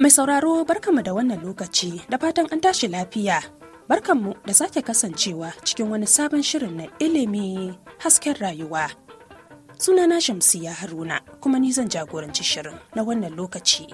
Mai sauraro barkanmu da wannan lokaci da fatan an tashi lafiya. Barkanmu da sake kasancewa cikin wani sabon shirin na ilimi hasken rayuwa. Sunana Shamsiya Haruna kuma ni zan jagoranci shirin na wannan lokaci.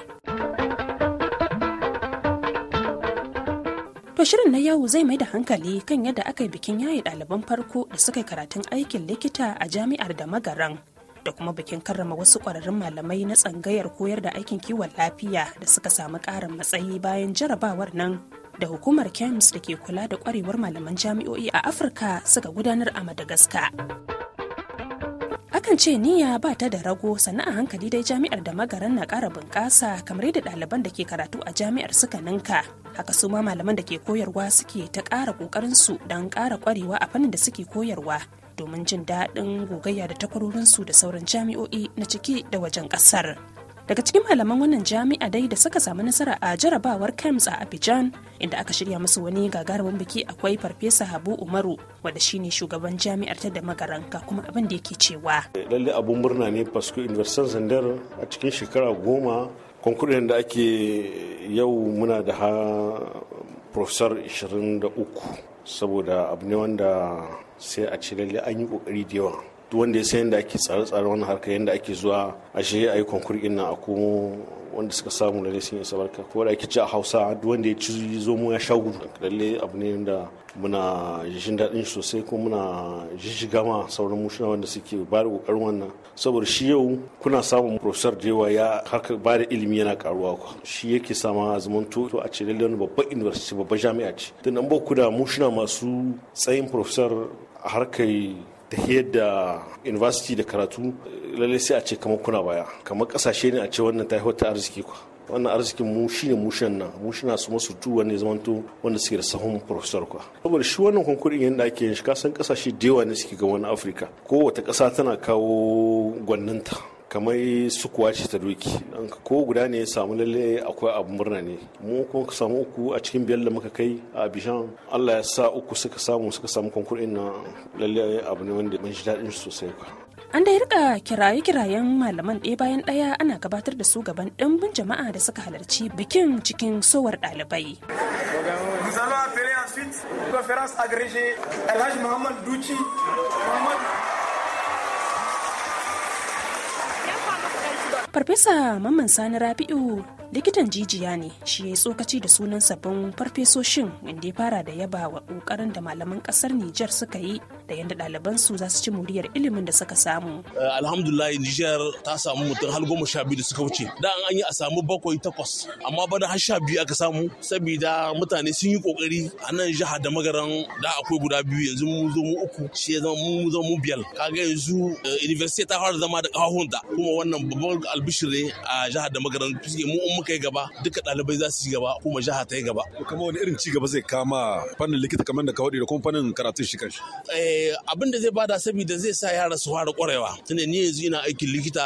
To shirin na yau zai mai da hankali kan yadda aka yi bikin yaye ɗaliban farko da suka yi karatun aikin likita a jami'ar da magaran da kuma bikin karrama wasu kwararrun malamai na tsangayar koyar da aikin kiwon lafiya da suka samu ƙarin matsayi bayan jarabawar nan da hukumar kems da ke kula da kwarewar malaman jami'o'i a afirka suka gudanar a madagascar akan ce niyya ba ta da rago sana'a hankali dai jami'ar da magaran na ƙara bunƙasa kamar yadda ɗaliban da ke karatu a jami'ar suka ninka haka su ma malaman da ke koyarwa suke ta ƙara ƙoƙarinsu don ƙara ƙwarewa a fannin da suke koyarwa domin jin daɗin gogayya da takwarorinsu da sauran jami'o'i na ciki da wajen ƙasar. Daga cikin malaman wannan jami'a dai da suka samu nasara a jarabawar KEMS a Abidjan inda aka shirya musu wani gagarumin biki akwai Farfesa Habu Umaru wanda shine shugaban jami'ar ta da magaranka kuma abin da yake cewa. Lalle abun murna ne Pasco Universal sandar a cikin shekara goma konkuren da ake yau muna da ha professor 23 saboda abu ne wanda sai a ci lalle an yi kokari da yawa wanda ya san yadda ake tsare-tsare wani harka yadda ake zuwa a shi a yi konkurkin nan a komo wanda suka samu da sun isa barka ko da ake ci a hausa duk wanda ya ci zomo ya sha gudu lalle abu ne da muna jin daɗin sosai ko muna jijjiga ma sauran mushina wanda suke ba da ƙoƙarin wannan saboda shi yau kuna samun profesor da yawa ya haka ba da ilimi yana karuwa ku shi yake sama a zaman to a ce lalle wani babban university babban jami'a ce tunda an ba ku da mushina masu tsayin profesor a harkar tahiyar da university da karatu lallai sai a ce kamar kuna baya kamar kasashe ne a ce wannan ta ta arziki kwa wannan arzikin mu shine mu shan nan mu shina su masu tu wanda zaman to wanda suke da sahun professor kwa saboda shi wannan konkurin yanda ake yin shi kasan kasashe da yawa ne suke ga wani afirka kowace kasa tana kawo gwaninta kamar su ce ta doki ko guda ne ya samu lalle akwai abu murna ne mu kuma ka samu uku a cikin biyar da muka kai a abidjan allah ya sa uku suka samu suka samu konkurin na lalle abu ne wanda ban shi daɗin sosai ba. an da rika kiraye-kirayen malaman ɗaya bayan ɗaya ana gabatar da su gaban ɗimbin jama'a da suka halarci bikin cikin sowar ɗalibai. Nous allons appeler ensuite conférence agrégée Alhaji Muhammad Douchi, Mohamed farfesa mamman sani rabi'u likitan jijiya ne shi ya tsokaci da sunan sabbin farfesoshin wanda ya fara da yaba wa kokarin da malaman kasar nijar suka yi da yadda ɗaliban su za su ci muriyar ilimin da suka samu. Eh, alhamdulillah Nijar ta samu mutum har goma sha biyu da suka wuce. Da an yi a samu bakwai takwas amma bana har sha biyu aka samu saboda mutane sun yi kokari a nan jihar da magaran da akwai guda biyu yanzu mu zo mu uku shi ya zama mu zo mu biyar kaga yanzu eh, university ta fara zama da kahunta kuma wannan babban albishir a jihar da magaran suke mu in kai gaba duka ɗalibai za su yi gaba kuma jiha ta yi gaba. Kuma wani irin ci gaba zai kama fannin likita kamar da ka da kuma fannin karatun shi kanshi. eh Eh, abin da zai bada saboda zai sa yara su fara kwarewa tunda ni yanzu ina aikin likita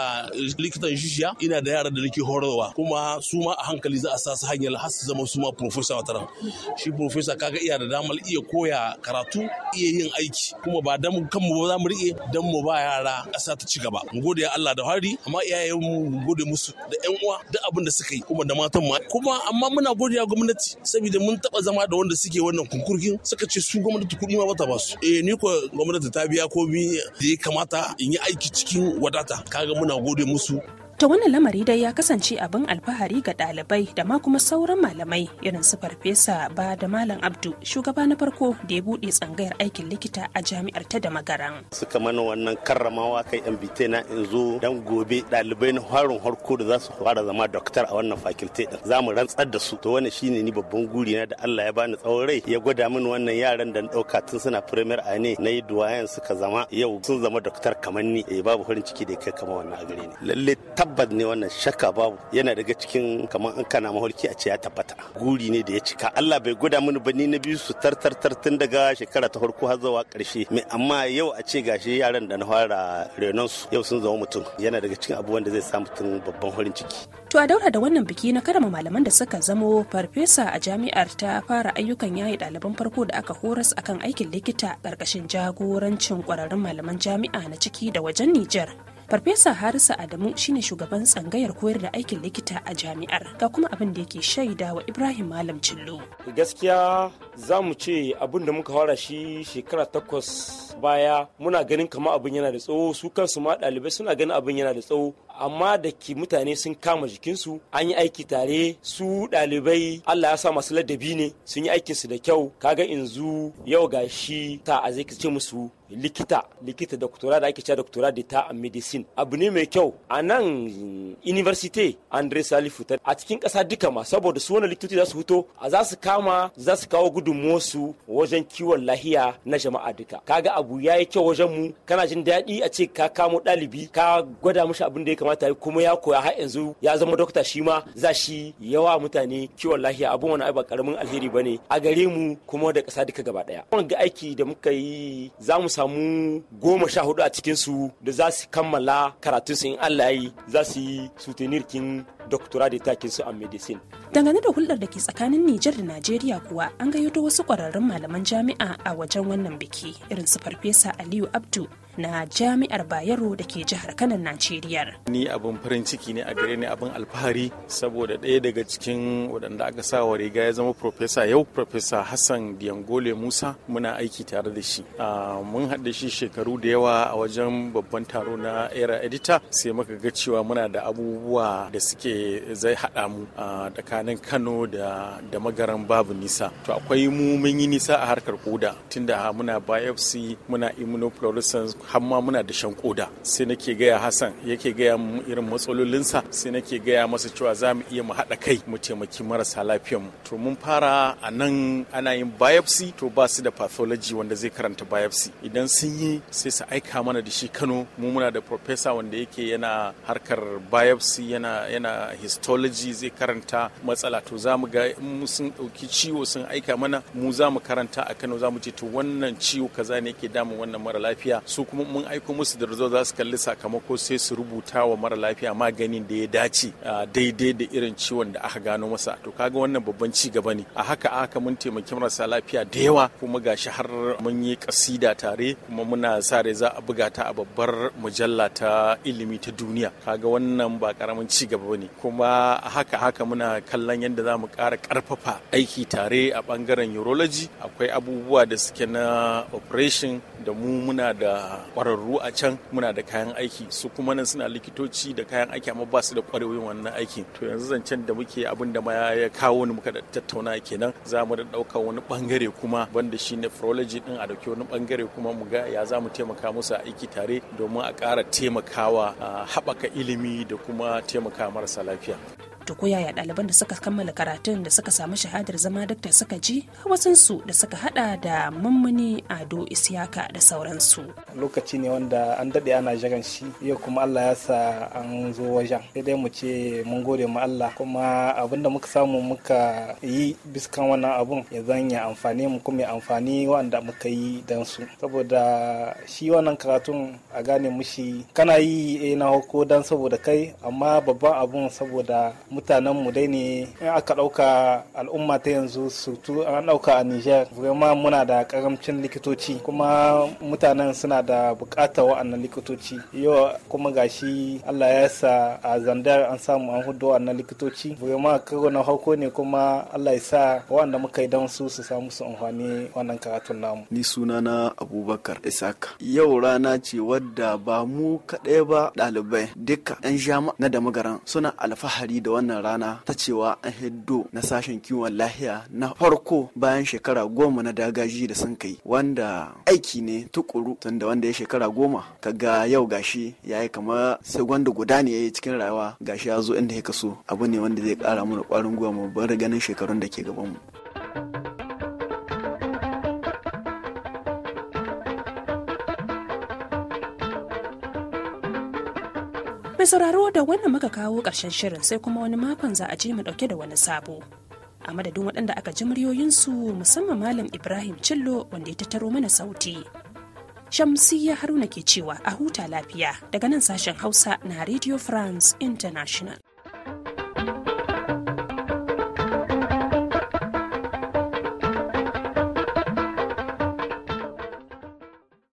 likitan shishiya ina da yara da nake horarwa kuma su ma a hankali za a sa su hanyar har su zama su ma professor wataran shi professor kaga iya da damar iya koya karatu iya yin aiki kuma ba dan kanmu ba za mu rike dan mu ba yara ƙasa ta ci gaba mu gode Allah da hari amma iyayen mu gode musu da ƴan uwa duk abin da suka yi kuma da matan ma kuma amma muna godiya gwamnati saboda mun taba zama da wanda suke wannan kunkurkin suka ce su gwamnati kuɗi ma bata ba su eh ni ko gwamnati ta biya ko komi da ya kamata in yi aiki cikin wadata kaga muna gode musu ta wannan lamari dai ya kasance abin alfahari ga dalibai da ma kuma sauran malamai irin su farfesa ba da malam abdu shugaba na farko da ya buɗe tsangayar aikin likita a jami'ar ta da magaran suka mana wannan karramawa kai yan bite na in zo dan gobe dalibai na harin harko da za su fara zama doktor a wannan fakilte din za mu rantsar da su to wannan shine ni babban guri na da Allah ya bani tsawon rai ya gwada min wannan yaran da dauka tun suna primary a ne na yi duwayen suka zama yau sun zama doktor kamar ni eh, babu farin ciki da kai kama wannan a gare ni lalle tabbas ne wannan shakka babu yana daga cikin kamar an kana maholki a ce ya tabbata guri ne da ya cika Allah bai gwada mini ba ni na biyu su tartartar tun daga shekara ta farko har zuwa karshe mai amma yau a ce gashi yaran da na fara renon su yau sun zama mutum yana daga cikin abubuwan da zai sa mutum babban hurin ciki to a daura da wannan biki na karama malaman da suka zamo farfesa a jami'ar ta fara ayyukan yayi ɗaliban farko da aka horas akan aikin likita ƙarƙashin jagorancin ƙwararrun malaman jami'a na ciki da wajen Nijar farfesa harisa adamu shine shugaban tsangayar koyar da aikin likita a jami'ar ga kuma abin da yake shaida wa ibrahim malam cillo gaskiya za mu ce abin da muka fara shi shekara takwas baya muna ganin kama abin yana da tsawo su kansu ma ɗalibai suna ganin abin yana da tsawo amma da ke mutane sun kama jikinsu an yi aiki tare su ɗalibai Allah ya sa masu ladabi ne sun yi aikinsu da kyau kaga inzu yau ga shi ta a zai ce musu likita likita doktora da ake cewa doktora da ta a medicine abu ne mai kyau a nan university andre salifu a cikin kasa duka ma saboda su wani likitoci za su fito a za su kama za su kawo gudu gudunmuwarsu wajen kiwon lahiya na jama'a duka kaga abu ya yi kyau wajen mu kana jin daɗi a ce ka kamo ɗalibi ka gwada mishi abin da ya kamata kuma ya koya har yanzu ya zama dokta shi ma za shi yawa mutane kiwon lahiya abin wani ba karamin alheri ne a gare mu kuma da ƙasa duka gaba ɗaya kuma ga aiki da muka yi za mu samu goma sha hudu a cikin su da za su kammala karatun su in Allah yi za su yi sutenirkin doktora da takin su a medicine dangane da hulɗar da ke tsakanin Nijar da Najeriya kuwa an gayyato wasu ƙwararrun malaman jami'a a wajen wannan biki irin su farfesa aliyu abdu na jami'ar bayero da ke jihar kanan najeriya ni abin farin ciki ne a gare ni abin alfahari saboda ɗaya daga cikin waɗanda aka sa wa riga ya zama profesa yau profesa hassan diangole musa muna aiki tare da shi ah, mun haɗa shi shekaru da yawa a wajen babban taro na era edita sai muka ga cewa muna da abubuwa da suke zai haɗa mu ah, tsakanin kano da da magaran babu nisa to akwai mu mun yi nisa a harkar koda tunda muna biopsy muna immunofluorescence hamma muna da shan koda sai nake gaya Hassan yake gaya mu irin matsalolinsa sai nake gaya masa cewa za mu iya mu haɗa kai mu taimaki marasa lafiyar mu to mun fara a nan ana yin biopsy to ba su da pathology wanda zai karanta biopsy idan sun yi sai su aika mana da shi Kano mu muna da professor wanda yake yana harkar biopsy yana yana histology zai karanta matsala to za mu ga sun ɗauki ciwo sun aika mana mu za mu karanta a Kano za mu ce to wannan ciwo kaza ne yake damun wannan mara lafiya su kuma mun aiko musu da rizo za su kalli sakamako sai su rubuta wa mara lafiya maganin da ya dace daidai da irin ciwon da aka gano masa to kaga wannan babban ci gaba ne a haka aka mun taimaki marasa lafiya da yawa kuma gashi har mun yi kasida tare kuma muna sa rai za a buga ta a babbar mujalla ta ilimi ta duniya kaga wannan ba karamin ci gaba ne kuma a haka haka muna kallon yadda za mu ƙara karfafa aiki tare a bangaren urology akwai abubuwa da suke na operation da mu muna da ƙwararru a can muna da kayan aiki su kuma nan suna likitoci da kayan aiki amma ba su da ƙwarewoyin wannan aiki to yanzu zancen da muke abin da ma ya kawo ni muka da tattauna kenan za mu da ɗaukar wani ɓangare kuma banda shi nephrology din a dauke wani ɓangare kuma mu ga ya za mu taimaka musu a aiki tare domin a kara taimakawa haɓaka ilimi da kuma taimaka marasa lafiya. wato ko yaya ɗaliban da suka kammala karatun da suka samu shahadar zama dakta suka ji wasansu da suka hada da mummuni ado isiyaka da sauransu lokaci ne wanda an daɗe ana jiran shi yau kuma allah ya sa an zo wajen sai dai mu ce mun gode ma allah kuma abin da muka samu muka yi biskan wannan abun ya zanya amfani mu kuma ya amfani wanda muka yi dan su saboda shi wannan karatun a gane mushi kana yi eh na hoko dan saboda kai amma babban abun saboda mutanen mu dai ne in aka ɗauka al'umma ta yanzu sutu an ɗauka a niger vraiment muna da karamcin likitoci kuma mutanen suna da bukatar wa'annan likitoci yau kuma gashi allah ya sa a zandar an samu an hudu wa'annan likitoci vraiment karo na farko ne kuma allah ya sa wa'anda muka yi don su su samu su amfani wannan karatun namu ni sunana abubakar isaka yau rana ce wadda ba mu kaɗai ba ɗalibai duka 'yan jama na da magaran suna alfahari da wannan rana ta cewa an hiddo na sashen kiwon lahiya na farko bayan shekara goma na dagaji da sun kai wanda aiki ne tukuru tunda wanda ya shekara goma ka ga yau gashi ya yi kama sai gwanda guda ne ya yi cikin rayuwa gashi ya zo inda ya kaso abu ne wanda zai kara mana kwarin gwiwa mu bar ganin shekarun da ke gabanmu. sauraro da wannan muka kawo ƙarshen shirin sai kuma wani makon za a je mu dauke da wani sabo. A madadin waɗanda aka ji muryoyinsu musamman Malam Ibrahim Cillo wanda ya tattaro mana sauti. Shamsiyya Haruna ke cewa a huta lafiya daga nan sashen Hausa na Radio France International.